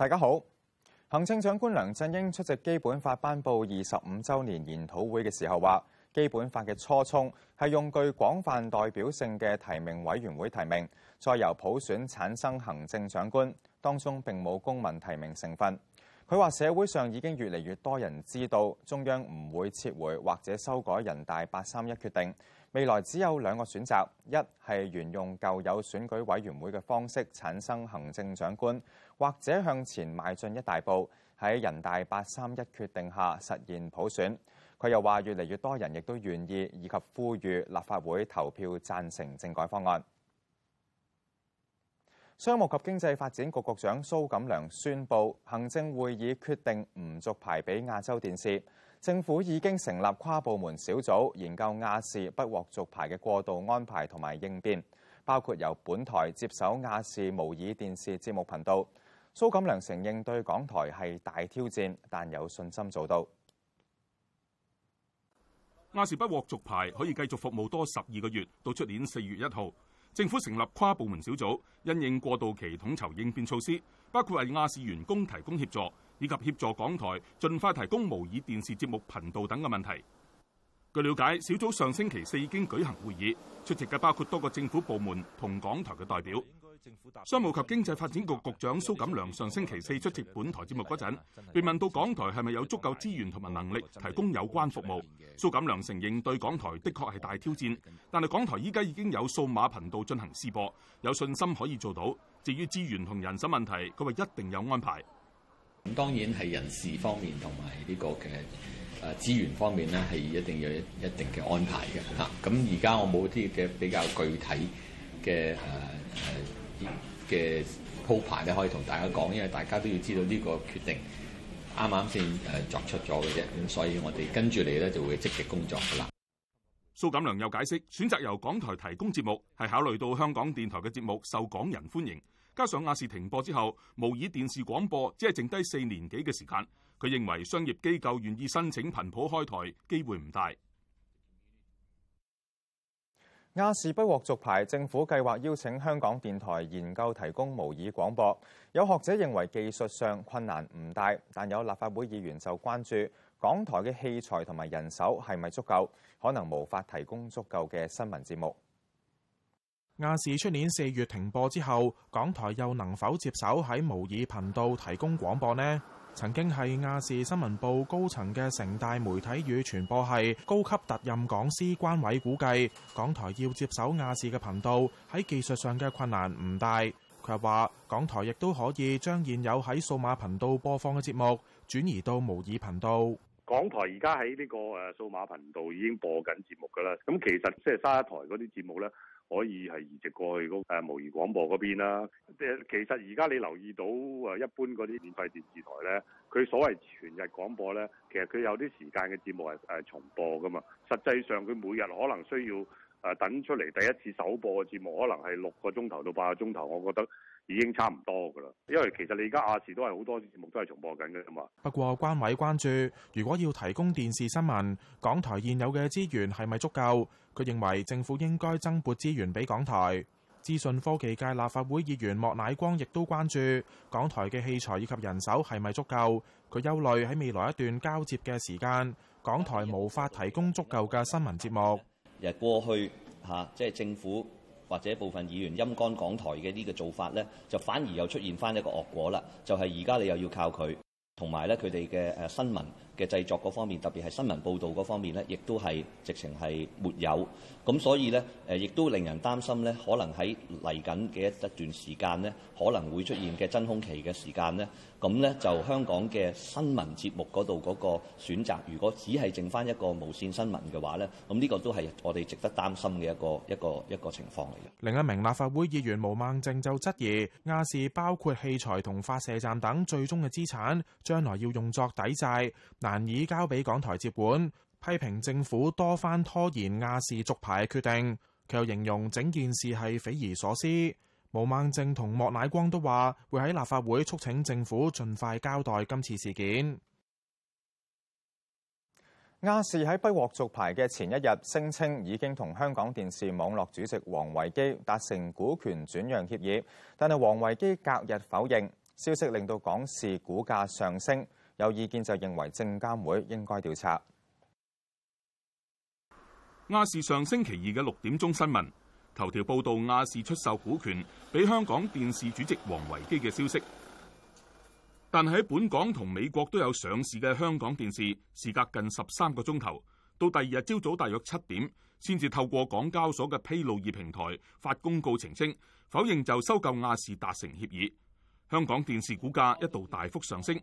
大家好，行政長官梁振英出席《基本法》頒布二十五週年研討會嘅時候話，《基本法》嘅初衷係用具廣泛代表性嘅提名委員會提名，再由普選產生行政長官，當中並冇公民提名成分。佢話社會上已經越嚟越多人知道中央唔會撤回或者修改人大八三一決定，未來只有兩個選擇：一係沿用舊有選舉委員會嘅方式產生行政長官，或者向前邁進一大步，喺人大八三一決定下實現普選，佢又話越嚟越多人亦都願意以及呼籲立法會投票贊成政改方案。商務及經濟發展局局長蘇錦良宣佈，行政會議決定唔續牌俾亞洲電視，政府已經成立跨部門小組研究亞視不獲續牌嘅過渡安排同埋應變，包括由本台接手亞視模擬電視節目頻道。蘇錦良承認對港台係大挑戰，但有信心做到。亞視不獲續牌，可以繼續服務多十二個月，到出年四月一號。政府成立跨部門小組，因應過渡期統籌應變措施，包括為亞視員工提供協助，以及協助港台盡快提供模擬電視節目頻道等嘅問題。據了解，小組上星期四已經舉行會議，出席嘅包括多個政府部門同港台嘅代表。商務及經濟發展局局長蘇錦樑上星期四出席本台節目嗰陣，被問到港台係咪有足夠資源同埋能力提供有關服務，蘇錦樑承認對港台的確係大挑戰，但係港台依家已經有數碼頻道進行試播，有信心可以做到。至於資源同人手問題，佢話一定有安排。咁當然係人事方面同埋呢個嘅誒資源方面呢，係一定有一定嘅安排嘅嚇。咁而家我冇啲嘅比較具體嘅誒誒。嘅鋪排咧，的可以同大家講，因為大家都要知道呢個決定啱啱先誒作出咗嘅啫，咁所以我哋跟住嚟咧，就會積極工作噶啦。蘇錦良又解釋，選擇由港台提供節目，係考慮到香港電台嘅節目受港人歡迎，加上亞視停播之後，模擬電視廣播只，只係剩低四年幾嘅時間，佢認為商業機構願意申請頻譜開台機會唔大。亞視不獲續牌，政府計劃邀請香港電台研究提供模擬廣播。有學者認為技術上困難唔大，但有立法會議員就關注港台嘅器材同埋人手係咪足夠，可能無法提供足夠嘅新聞節目。亞視出年四月停播之後，港台又能否接手喺模擬頻道提供廣播呢？曾經係亞視新聞部高層嘅城大媒體與傳播系高級特任講師，關偉估計港台要接手亞視嘅頻道，喺技術上嘅困難唔大。佢又話，港台亦都可以將現有喺數碼頻道播放嘅節目轉移到模擬頻道。港台而家喺呢個誒數碼頻道已經播緊節目㗎啦，咁其實即係三一台嗰啲節目咧。可以係移植過去嗰誒模擬廣播嗰邊啦。即係其實而家你留意到啊，一般嗰啲免費電視台呢，佢所謂全日廣播呢，其實佢有啲時間嘅節目係係重播噶嘛。實際上佢每日可能需要誒等出嚟第一次首播嘅節目，可能係六個鐘頭到八個鐘頭，我覺得。已經差唔多㗎啦，因為其實你而家亞視都係好多節目都係重播緊㗎啫嘛。不過關偉關注，如果要提供電視新聞，港台現有嘅資源係咪足夠？佢認為政府應該增撥資源俾港台。資訊科技界立法會議員莫乃光亦都關注，港台嘅器材以及人手係咪足夠？佢憂慮喺未來一段交接嘅時間，港台無法提供足夠嘅新聞節目。日過去嚇，即係政府。或者部分議員陰乾港台嘅呢個做法咧，就反而又出現翻一個惡果啦，就係而家你又要靠佢，同埋咧佢哋嘅誒新聞。嘅製作嗰方面，特別係新聞報道嗰方面咧，亦都係直情係沒有。咁所以咧，誒亦都令人擔心咧，可能喺嚟緊嘅一段時間咧，可能會出現嘅真空期嘅時間咧，咁咧就香港嘅新聞節目嗰度嗰個選擇，如果只係剩翻一個無線新聞嘅話咧，咁呢個都係我哋值得擔心嘅一個一個一個情況嚟嘅。另一名立法會議員毛孟靜就質疑亞視包括器材同發射站等最終嘅資產將來要用作抵債，難以交俾港台接管，批評政府多番拖延亞視續牌決定。佢又形容整件事係匪夷所思。毛孟靜同莫乃光都話會喺立法會促請政府盡快交代今次事件。亞視喺不獲續牌嘅前一日聲稱已經同香港電視網絡主席王維基達成股權轉讓協議，但係王維基隔日否認消息，令到港視股價上升。有意見就認為證監會應該調查亞視上星期二嘅六點鐘新聞，頭條報道亞視出售股權俾香港電視主席王維基嘅消息。但喺本港同美國都有上市嘅香港電視，時隔近十三個鐘頭，到第二日朝早大約七點，先至透過港交所嘅披露易平台發公告澄清，否認就收購亞視達成協議。香港電視股價一度大幅上升。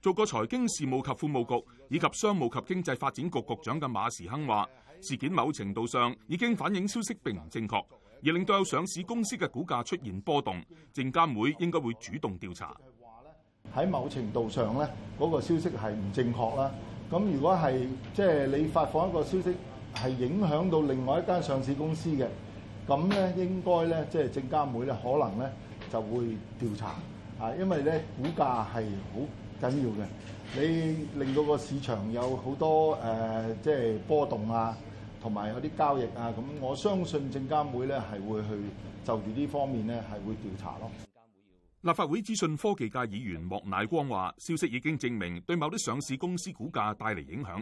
做過財經事務及庫務局以及商務及經濟發展局局長嘅馬時亨話：事件某程度上已經反映消息並唔正確，而令到有上市公司嘅股價出現波動。證監會應該會主動調查。喺某程度上咧，嗰個消息係唔正確啦。咁如果係即係你發放一個消息係影響到另外一間上市公司嘅，咁咧應該咧即係證監會咧可能咧就會調查啊，因為咧股價係好緊要嘅，你令到個市場有好多誒、呃，即係波動啊，同埋有啲交易啊，咁我相信證監會咧係會去就住呢方面咧係會調查咯。立法會資訊科技界議員莫乃光話，消息已經證明對某啲上市公司股價帶嚟影響。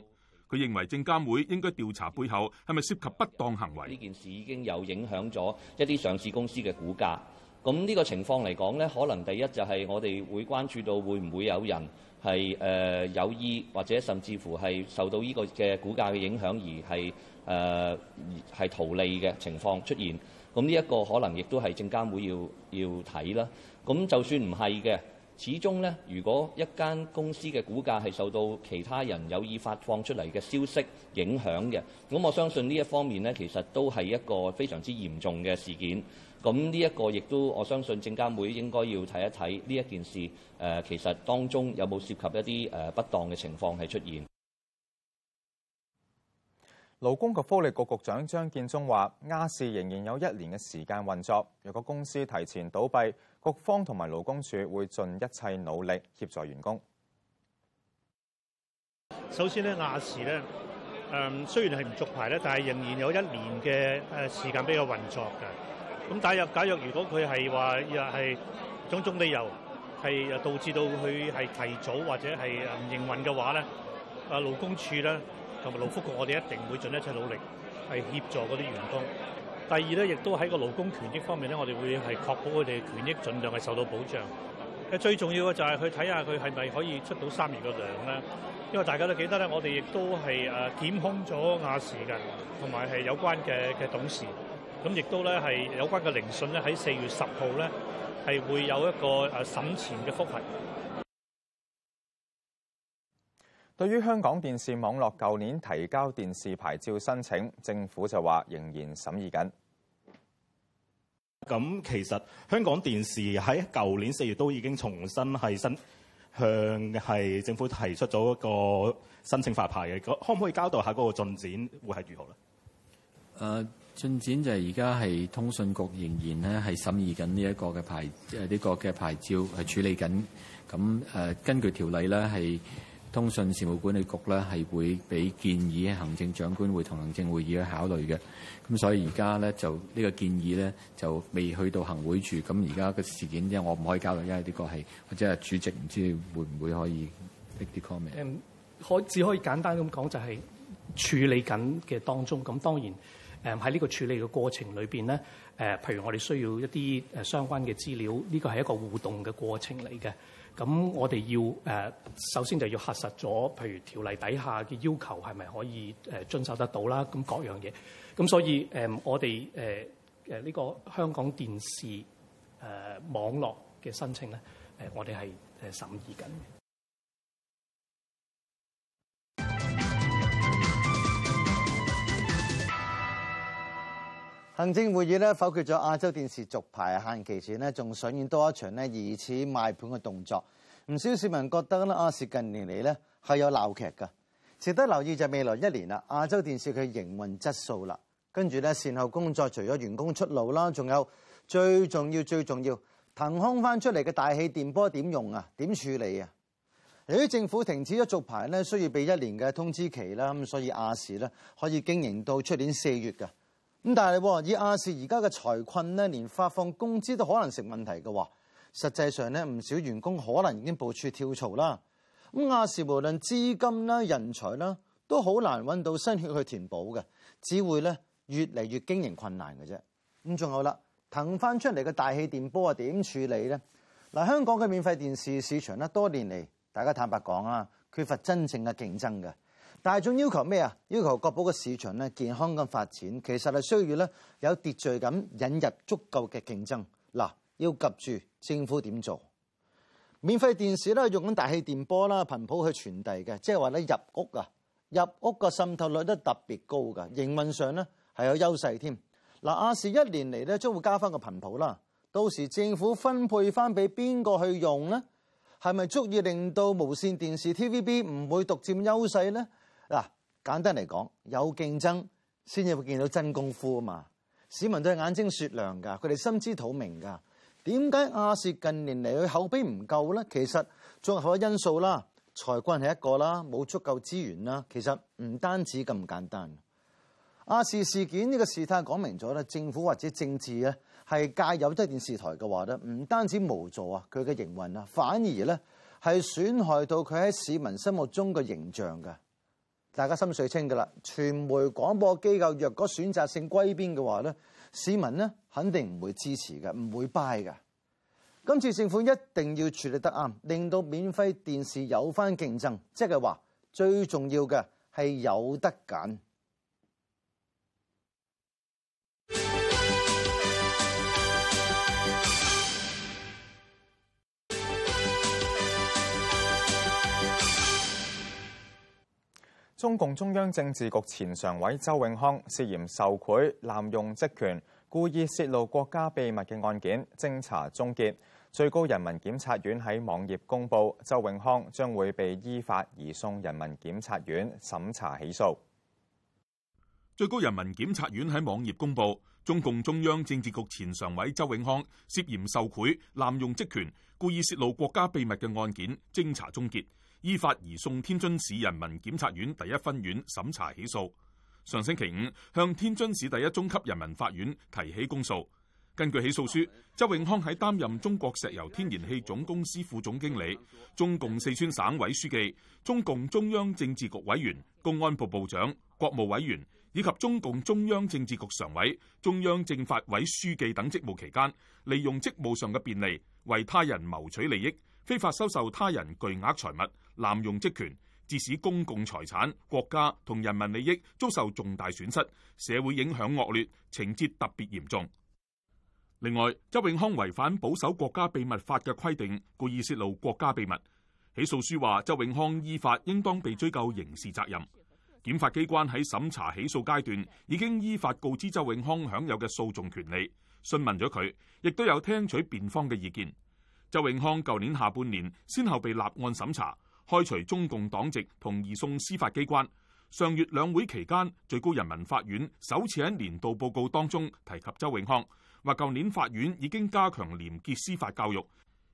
佢認為證監會應該調查背後係咪涉及不當行為。呢件事已經有影響咗一啲上市公司嘅股價。咁呢個情況嚟講呢可能第一就係我哋會關注到會唔會有人係、呃、有意或者甚至乎係受到呢個嘅股價嘅影響而係係、呃、圖利嘅情況出現。咁呢一個可能亦都係證監會要要睇啦。咁就算唔係嘅，始終呢，如果一間公司嘅股價係受到其他人有意發放出嚟嘅消息影響嘅，咁我相信呢一方面呢，其實都係一個非常之嚴重嘅事件。咁呢一個亦都我相信證監會應該要睇一睇呢一件事，誒、呃、其實當中有冇涉及一啲誒、呃、不當嘅情況係出現的。勞工及福利局局長張建宗話：亞視仍然有一年嘅時間運作，若果公司提前倒閉，局方同埋勞工處會盡一切努力協助員工。首先咧，亞視咧誒雖然係唔續牌咧，但係仍然有一年嘅誒時間俾佢運作嘅。咁假如假如如果佢係話又係種種理由係導致到佢係提早或者係唔營運嘅話咧，啊勞工處咧同埋勞福局，我哋一定會盡一切努力係協助嗰啲員工。第二咧，亦都喺個勞工權益方面咧，我哋會係確保佢哋權益盡量係受到保障。誒，最重要嘅就係去睇下佢係咪可以出到三年嘅糧咧，因為大家都記得咧，我哋亦都係誒檢控咗亞視嘅同埋係有關嘅嘅董事。咁亦都咧係有關嘅聆訊咧，喺四月十號咧係會有一個誒審前嘅覆核。對於香港電視網絡舊年提交電視牌照申請，政府就話仍然審議緊。咁其實香港電視喺舊年四月都已經重新係申向係政府提出咗一個申請發牌嘅，可唔可以交代下嗰個進展會係如何咧？誒。Uh 進展就係而家係通訊局仍然咧係審議緊呢一個嘅牌，誒呢個嘅牌照係、這個、處理緊。咁誒、呃、根據條例咧係通訊事務管理局咧係會俾建議行政長官會同行政會議去考慮嘅。咁所以而家咧就呢個建議咧就未去到行會處。咁而家個事件因為我唔可以交代，因為呢個係或者係主席唔知會唔會可以畀啲 comment。可只可以簡單咁講，就係處理緊嘅當中。咁當然。誒喺呢個處理嘅過程裏邊咧，誒、呃，譬如我哋需要一啲誒相關嘅資料，呢、這個係一個互動嘅過程嚟嘅。咁我哋要誒、呃，首先就要核實咗，譬如條例底下嘅要求係咪可以誒、呃、遵守得到啦？咁各樣嘢咁，所以誒、呃，我哋誒誒呢個香港電視誒、呃、網絡嘅申請咧，誒、呃，我哋係誒審議緊嘅。行政會議咧否決咗亞洲電視續牌限期前咧，仲上演多一場咧疑似賣盤嘅動作。唔少市民覺得咧亞視近年嚟咧係有鬧劇㗎。值得留意就係未來一年啦，亞洲電視嘅營運質素啦，跟住咧善後工作，除咗員工出路啦，仲有最重要最重要騰空翻出嚟嘅大氣電波點用啊？點處理啊？由於政府停止咗續牌咧，需要俾一年嘅通知期啦，咁所以亞視咧可以經營到出年四月㗎。咁但係喎，以亞視而家嘅財困咧，連發放工資都可能成問題嘅話，實際上咧，唔少員工可能已經部署跳槽啦。咁亞視無論資金啦、人才啦，都好難揾到新血去填補嘅，只會咧越嚟越經營困難嘅啫。咁仲有啦，騰翻出嚟嘅大氣電波啊，點處理咧？嗱，香港嘅免費電視市場咧，多年嚟大家坦白講啊，缺乏真正嘅競爭嘅。但係仲要求咩啊？要求各部嘅市場咧健康咁發展，其實，係需要咧有秩序咁引入足夠嘅競爭。嗱，要及住政府點做？免費電視咧用緊大氣電波啦頻譜去傳遞嘅，即係話咧入屋啊，入屋個滲透率都特別高噶，營運上咧係有優勢添。嗱，亞視一年嚟咧將會加翻個頻譜啦，到時政府分配翻俾邊個去用咧，係咪足以令到無綫電視 TVB 唔會獨佔優勢咧？嗱，簡單嚟講，有競爭先至會見到真功夫啊！嘛，市民對眼睛雪亮噶，佢哋心知肚明噶。點解亞視近年嚟佢口碑唔夠咧？其實綜合因素啦，財困係一個啦，冇足夠資源啦。其實唔單止咁簡單。亞視事件呢個事態講明咗咧，政府或者政治咧係介入咗電視台嘅話咧，唔單止無助啊，佢嘅營運啊，反而咧係損害到佢喺市民心目中嘅形象噶。大家心水清㗎啦，傳媒廣播機構若果選擇性歸邊嘅話咧，市民咧肯定唔會支持㗎，唔會 buy 㗎。今次政府一定要處理得啱，令到免費電視有返競爭，即係話最重要嘅係有得揀。中共中央政治局前常委周永康涉嫌受賄、濫用職權、故意泄露國家秘密嘅案件偵查終結，最高人民檢察院喺網頁公布，周永康將會被依法移送人民檢察院審查起訴。最高人民檢察院喺網頁公布，中共中央政治局前常委周永康涉嫌受賄、濫用職權、故意泄露國家秘密嘅案件偵查終結。依法移送天津市人民檢察院第一分院審查起訴。上星期五向天津市第一中級人民法院提起公訴。根據起訴書，周永康喺擔任中國石油天然氣總公司副總經理、中共四川省委書記、中共中央政治局委員、公安部部長、國務委員以及中共中央政治局常委、中央政法委書記等職務期間，利用職務上嘅便利為他人謀取利益，非法收受他人巨額財物。濫用職權，致使公共財產、國家同人民利益遭受重大損失，社會影響惡劣，情節特別嚴重。另外，周永康違反保守國家秘密法嘅規定，故意泄露國家秘密。起訴書話，周永康依法應當被追究刑事責任。檢察機關喺審查起訴階段已經依法告知周永康享有嘅訴訟權利，訊問咗佢，亦都有聽取辯方嘅意見。周永康舊年下半年先後被立案審查。開除中共黨籍同移送司法機關。上月兩會期間，最高人民法院首次喺年度報告當中提及周永康，話舊年法院已經加強廉潔司法教育，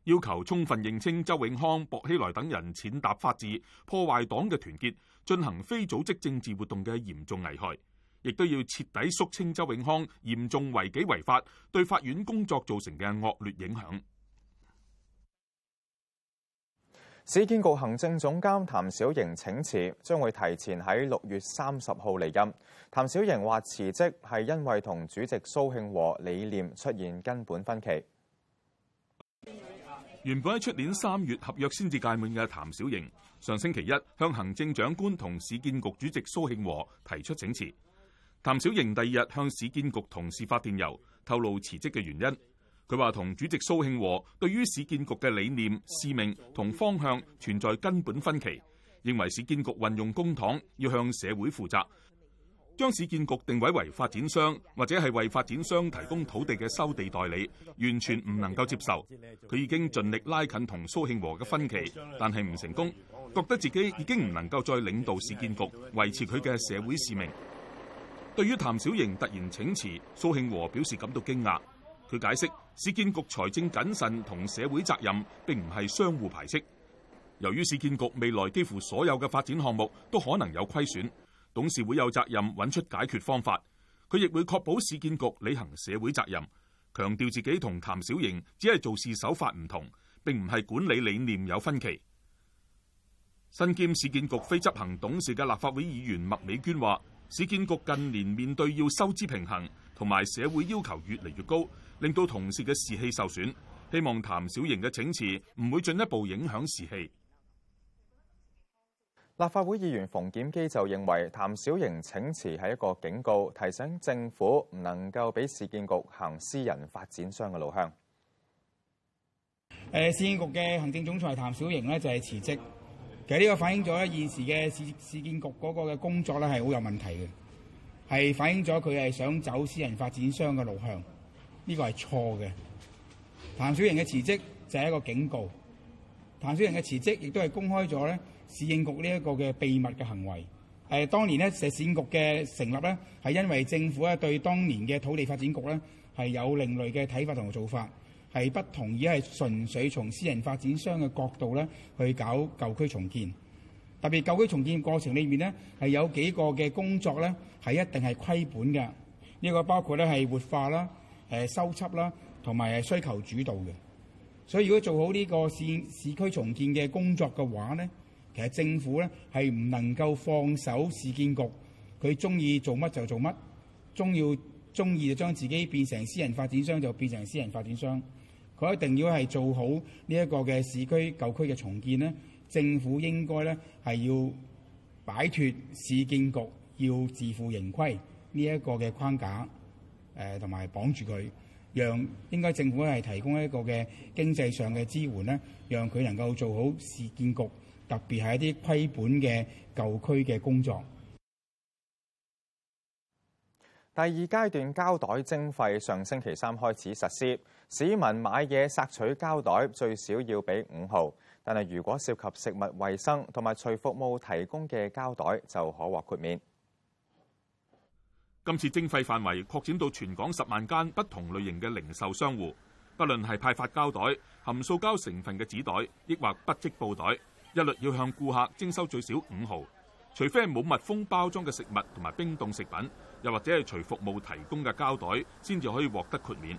要求充分認清周永康、薄熙來等人踐踏法治、破壞黨嘅團結、進行非組織政治活動嘅嚴重危害，亦都要徹底肅清周永康嚴重違紀違法，對法院工作造成嘅惡劣影響。市建局行政總監譚小瑩請辭，將會提前喺六月三十號離任。譚小瑩話辭職係因為同主席蘇慶和理念出現根本分歧。原本喺出年三月合約先至屆滿嘅譚小瑩，上星期一向行政長官同市建局主席蘇慶和提出請辭。譚小瑩第二日向市建局同事發電郵，透露辭職嘅原因。佢話同主席蘇慶和對於市建局嘅理念、使命同方向存在根本分歧，認為市建局運用公帑要向社會負責，將市建局定位為發展商或者係為發展商提供土地嘅收地代理，完全唔能夠接受。佢已經盡力拉近同蘇慶和嘅分歧，但係唔成功，覺得自己已經唔能夠再領導市建局維持佢嘅社會使命。對於譚小瑩突然請辭，蘇慶和表示感到驚訝。佢解釋。市建局財政謹慎同社會責任，並唔係相互排斥。由於市建局未來幾乎所有嘅發展項目都可能有虧損，董事會有責任揾出解決方法。佢亦會確保市建局履行社會責任，強調自己同譚小瑩只係做事手法唔同，並唔係管理理念有分歧。身兼市建局非執行董事嘅立法會議員麥美娟話：市建局近年面對要收支平衡，同埋社會要求越嚟越高。令到同事嘅士氣受損，希望譚小瑩嘅請辭唔會進一步影響士氣。立法會議員馮檢基就認為譚小瑩請辭係一個警告，提醒政府唔能夠俾市建局行私人發展商嘅路向。誒，市建局嘅行政總裁譚小瑩咧就係辭職，其實呢個反映咗咧現時嘅市市建局嗰個嘅工作咧係好有問題嘅，係反映咗佢係想走私人發展商嘅路向。呢個係錯嘅。譚小瑩嘅辭職就係一個警告。譚小瑩嘅辭職亦都係公開咗咧市建局呢一個嘅秘密嘅行為。誒，當年咧市建局嘅成立咧係因為政府咧對當年嘅土地發展局咧係有另類嘅睇法同做法，係不同意係純粹從私人發展商嘅角度咧去搞舊區重建。特別舊區重建過程裏面咧係有幾個嘅工作咧係一定係虧本嘅。呢、這個包括咧係活化啦。誒修葺啦，同埋需求主導嘅，所以如果做好呢個市市區重建嘅工作嘅話咧，其實政府咧係唔能夠放手市建局，佢鍾意做乜就做乜，中要鍾意就將自己變成私人發展商就變成私人發展商，佢一定要係做好呢一個嘅市區舊區嘅重建咧，政府應該咧係要擺脫市建局要自負盈虧呢一個嘅框架。誒同埋綁住佢，讓應該政府係提供一個嘅經濟上嘅支援咧，讓佢能夠做好市建局特別係一啲虧本嘅舊區嘅工作。第二階段膠袋徵費上星期三開始實施，市民買嘢索取膠袋最少要俾五毫，但係如果涉及食物衛生同埋隨服務提供嘅膠袋就可獲豁免。今次徵費範圍擴展到全港十萬間不同類型嘅零售商戶，不論係派發膠袋、含塑膠成分嘅紙袋，亦或不織布袋，一律要向顧客徵收最少五毫，除非係冇密封包裝嘅食物同埋冰凍食品，又或者係隨服務提供嘅膠袋，先至可以獲得豁免。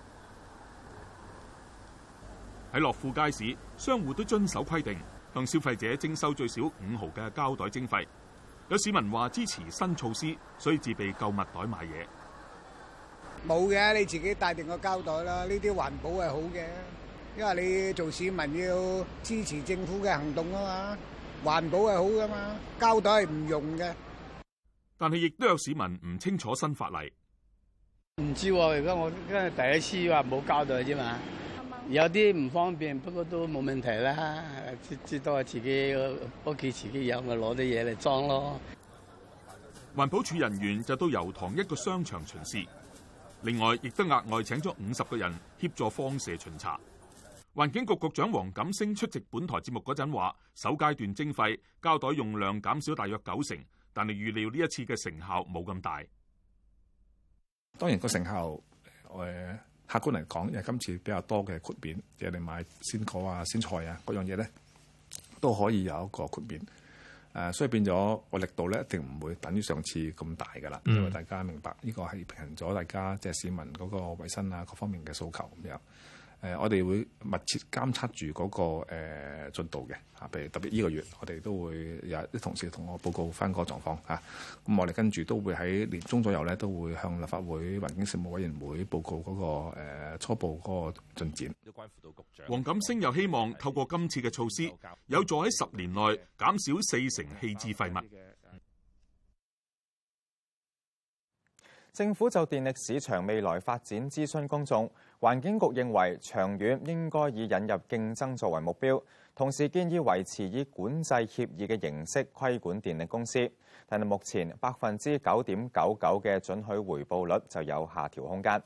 喺樂富街市，商戶都遵守規定，向消費者徵收最少五毫嘅膠袋徵費。有市民話支持新措施，所以自備購物袋買嘢。冇嘅，你自己帶定個膠袋啦。呢啲環保係好嘅，因為你做市民要支持政府嘅行動啊嘛。環保係好噶嘛，膠袋係唔用嘅。但係亦都有市民唔清楚新法例，唔知而家、啊、我因為第一次話冇膠袋啫、啊、嘛。有啲唔方便，不過都冇問題啦。至至多係自己屋企自己有，咪攞啲嘢嚟裝咯。環保署人員就到油塘一個商場巡視，另外亦都額外請咗五十個人協助放蛇巡查。環境局局長黃錦星出席本台節目嗰陣話：首階段徵費膠袋用量減少大約九成，但係預料呢一次嘅成效冇咁大。當然，個成效誒。客觀嚟講，今次比較多嘅豁免，即係你買鮮果啊、鮮菜啊嗰樣嘢咧，都可以有一個豁免，呃。所以變咗個力度咧，一定唔會等於上次咁大噶啦。因、嗯、為大家明白，呢、呢個係平衡咗大家即係市民嗰個衞生啊各方面嘅訴求咁樣。誒、呃，我哋會密切監測住嗰個誒、呃、進度嘅，嚇，譬如特別呢個月，我哋都會有啲同事同我報告返個狀況嚇。咁、啊、我哋跟住都會喺年中左右咧，都會向立法會環境事務委員會報告嗰、那個、呃、初步嗰個進展。黃錦星又希望透過今次嘅措施，有助喺十年內減少四成棄置廢物。政府就電力市場未來發展諮詢公眾。環境局認為長遠應該以引入競爭作為目標，同時建議維持以管制協議嘅形式規管電力公司。但係目前百分之九點九九嘅準許回報率就有下調空間。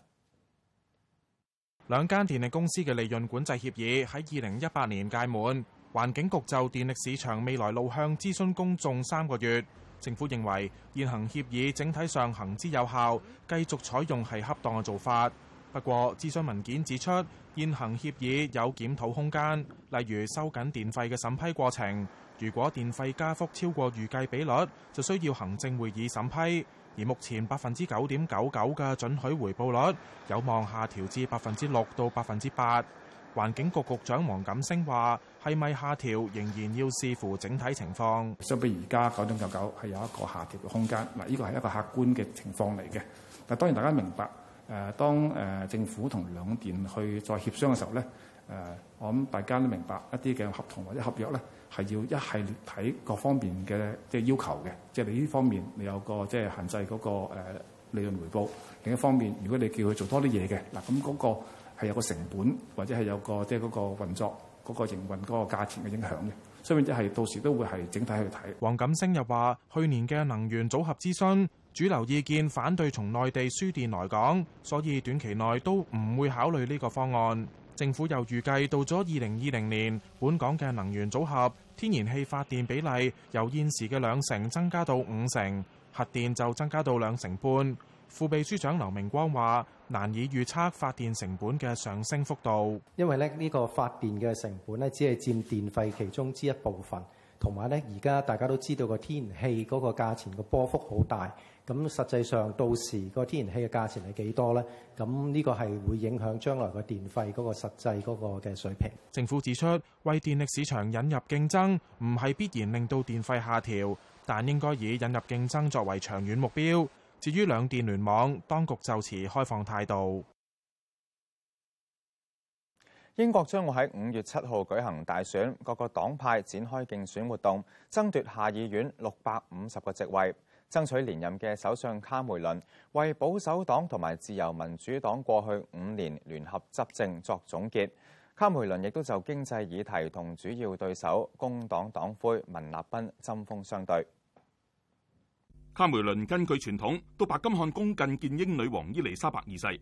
兩間電力公司嘅利潤管制協議喺二零一八年屆滿，環境局就電力市場未來路向諮詢公眾三個月。政府認為現行協議整體上行之有效，繼續採用係恰當嘅做法。不過，諮詢文件指出，現行協議有檢討空間，例如收緊電費嘅審批過程。如果電費加幅超過預計比率，就需要行政會議審批。而目前百分之九點九九嘅準許回報率，有望下調至百分之六到百分之八。環境局局長黃錦星話，係咪下調，仍然要視乎整體情況。相比而家九點九九，係有一個下調嘅空間。嗱，呢個係一個客觀嘅情況嚟嘅。但當然大家明白。誒，當誒政府同兩電去再協商嘅時候咧，誒，我諗大家都明白一啲嘅合同或者合約咧，係要一系列睇各方面嘅即係要求嘅，即係你呢方面你有個即係限制嗰個誒利潤回報，另一方面，如果你叫佢做多啲嘢嘅，嗱咁嗰個係有個成本，或者係有個即係嗰個運作嗰個營運嗰個價錢嘅影響嘅，所以即係到時都會係整體去睇。黃錦星又話：去年嘅能源組合諮詢，主流意見反對從內地輸電來港，所以短期內都唔會考慮呢個方案。政府又預計到咗二零二零年，本港嘅能源組合，天然氣發電比例由現時嘅兩成增加到五成，核電就增加到兩成半。副秘書長劉明光話，難以預測發電成本嘅上升幅度，因為咧呢個發電嘅成本咧，只係佔電費其中之一部分。同埋咧而家大家都知道個天然氣嗰個價錢個波幅好大，咁實際上到時個天然氣嘅價錢係幾多咧？咁呢個係會影響將來個電費嗰個實際嗰個嘅水平。政府指出，為電力市場引入競爭，唔係必然令到電費下調，但應該以引入競爭作為長遠目標。至於兩電聯網，當局就持開放態度。英國將會喺五月七號舉行大選，各個黨派展開競選活動，爭奪下議院六百五十個席位，爭取連任嘅首相卡梅倫為保守黨同埋自由民主黨過去五年聯合執政作總結。卡梅倫亦都就經濟議題同主要對手工黨黨魁文立彬針鋒相對。卡梅倫根據傳統到白金漢宮覲見英女王伊麗莎白二世。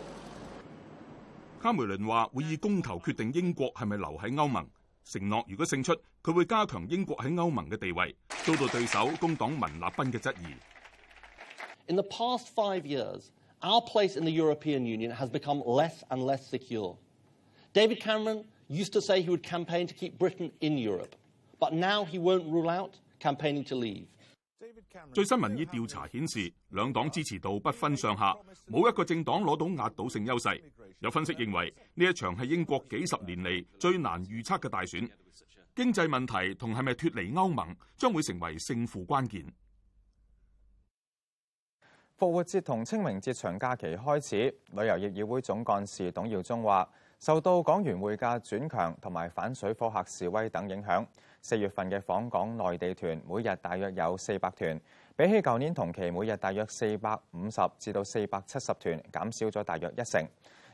卡梅倫話會以公投決定英國係咪留喺歐盟，承諾如果勝出，佢會加強英國喺歐盟嘅地位，遭到對手工黨文立賓嘅質疑。最新民意調查顯示，兩黨支持度不分上下，冇一個政黨攞到壓倒性優勢。有分析認為，呢一場係英國幾十年嚟最難預測嘅大選。經濟問題同係咪脫離歐盟將會成為勝負關鍵。復活節同清明節長假期開始，旅遊業議會總幹事董耀中話。受到港元匯價轉強同埋反水貨客示威等影響，四月份嘅訪港內地團每日大約有四百團，比起舊年同期每日大約四百五十至到四百七十團，減少咗大約一成。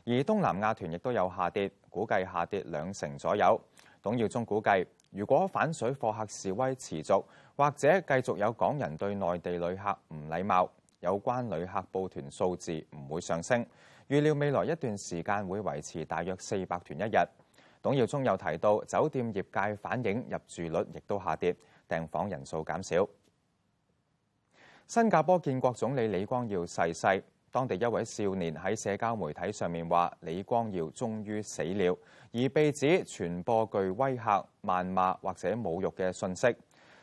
而東南亞團亦都有下跌，估計下跌兩成左右。董耀中估計，如果反水貨客示威持續，或者繼續有港人對內地旅客唔禮貌，有關旅客報團數字唔會上升。預料未來一段時間會維持大約四百團一日。董耀宗又提到，酒店業界反映入住率亦都下跌，訂房人數減少。新加坡建國總理李光耀逝世，世，當地一位少年喺社交媒體上面話：李光耀終於死了，而被指傳播具威嚇、漫罵或者侮辱嘅信息。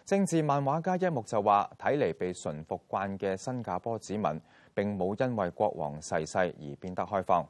政治漫畫家一木就話：睇嚟被馴服慣嘅新加坡子民。並冇因為國王逝世而變得開放。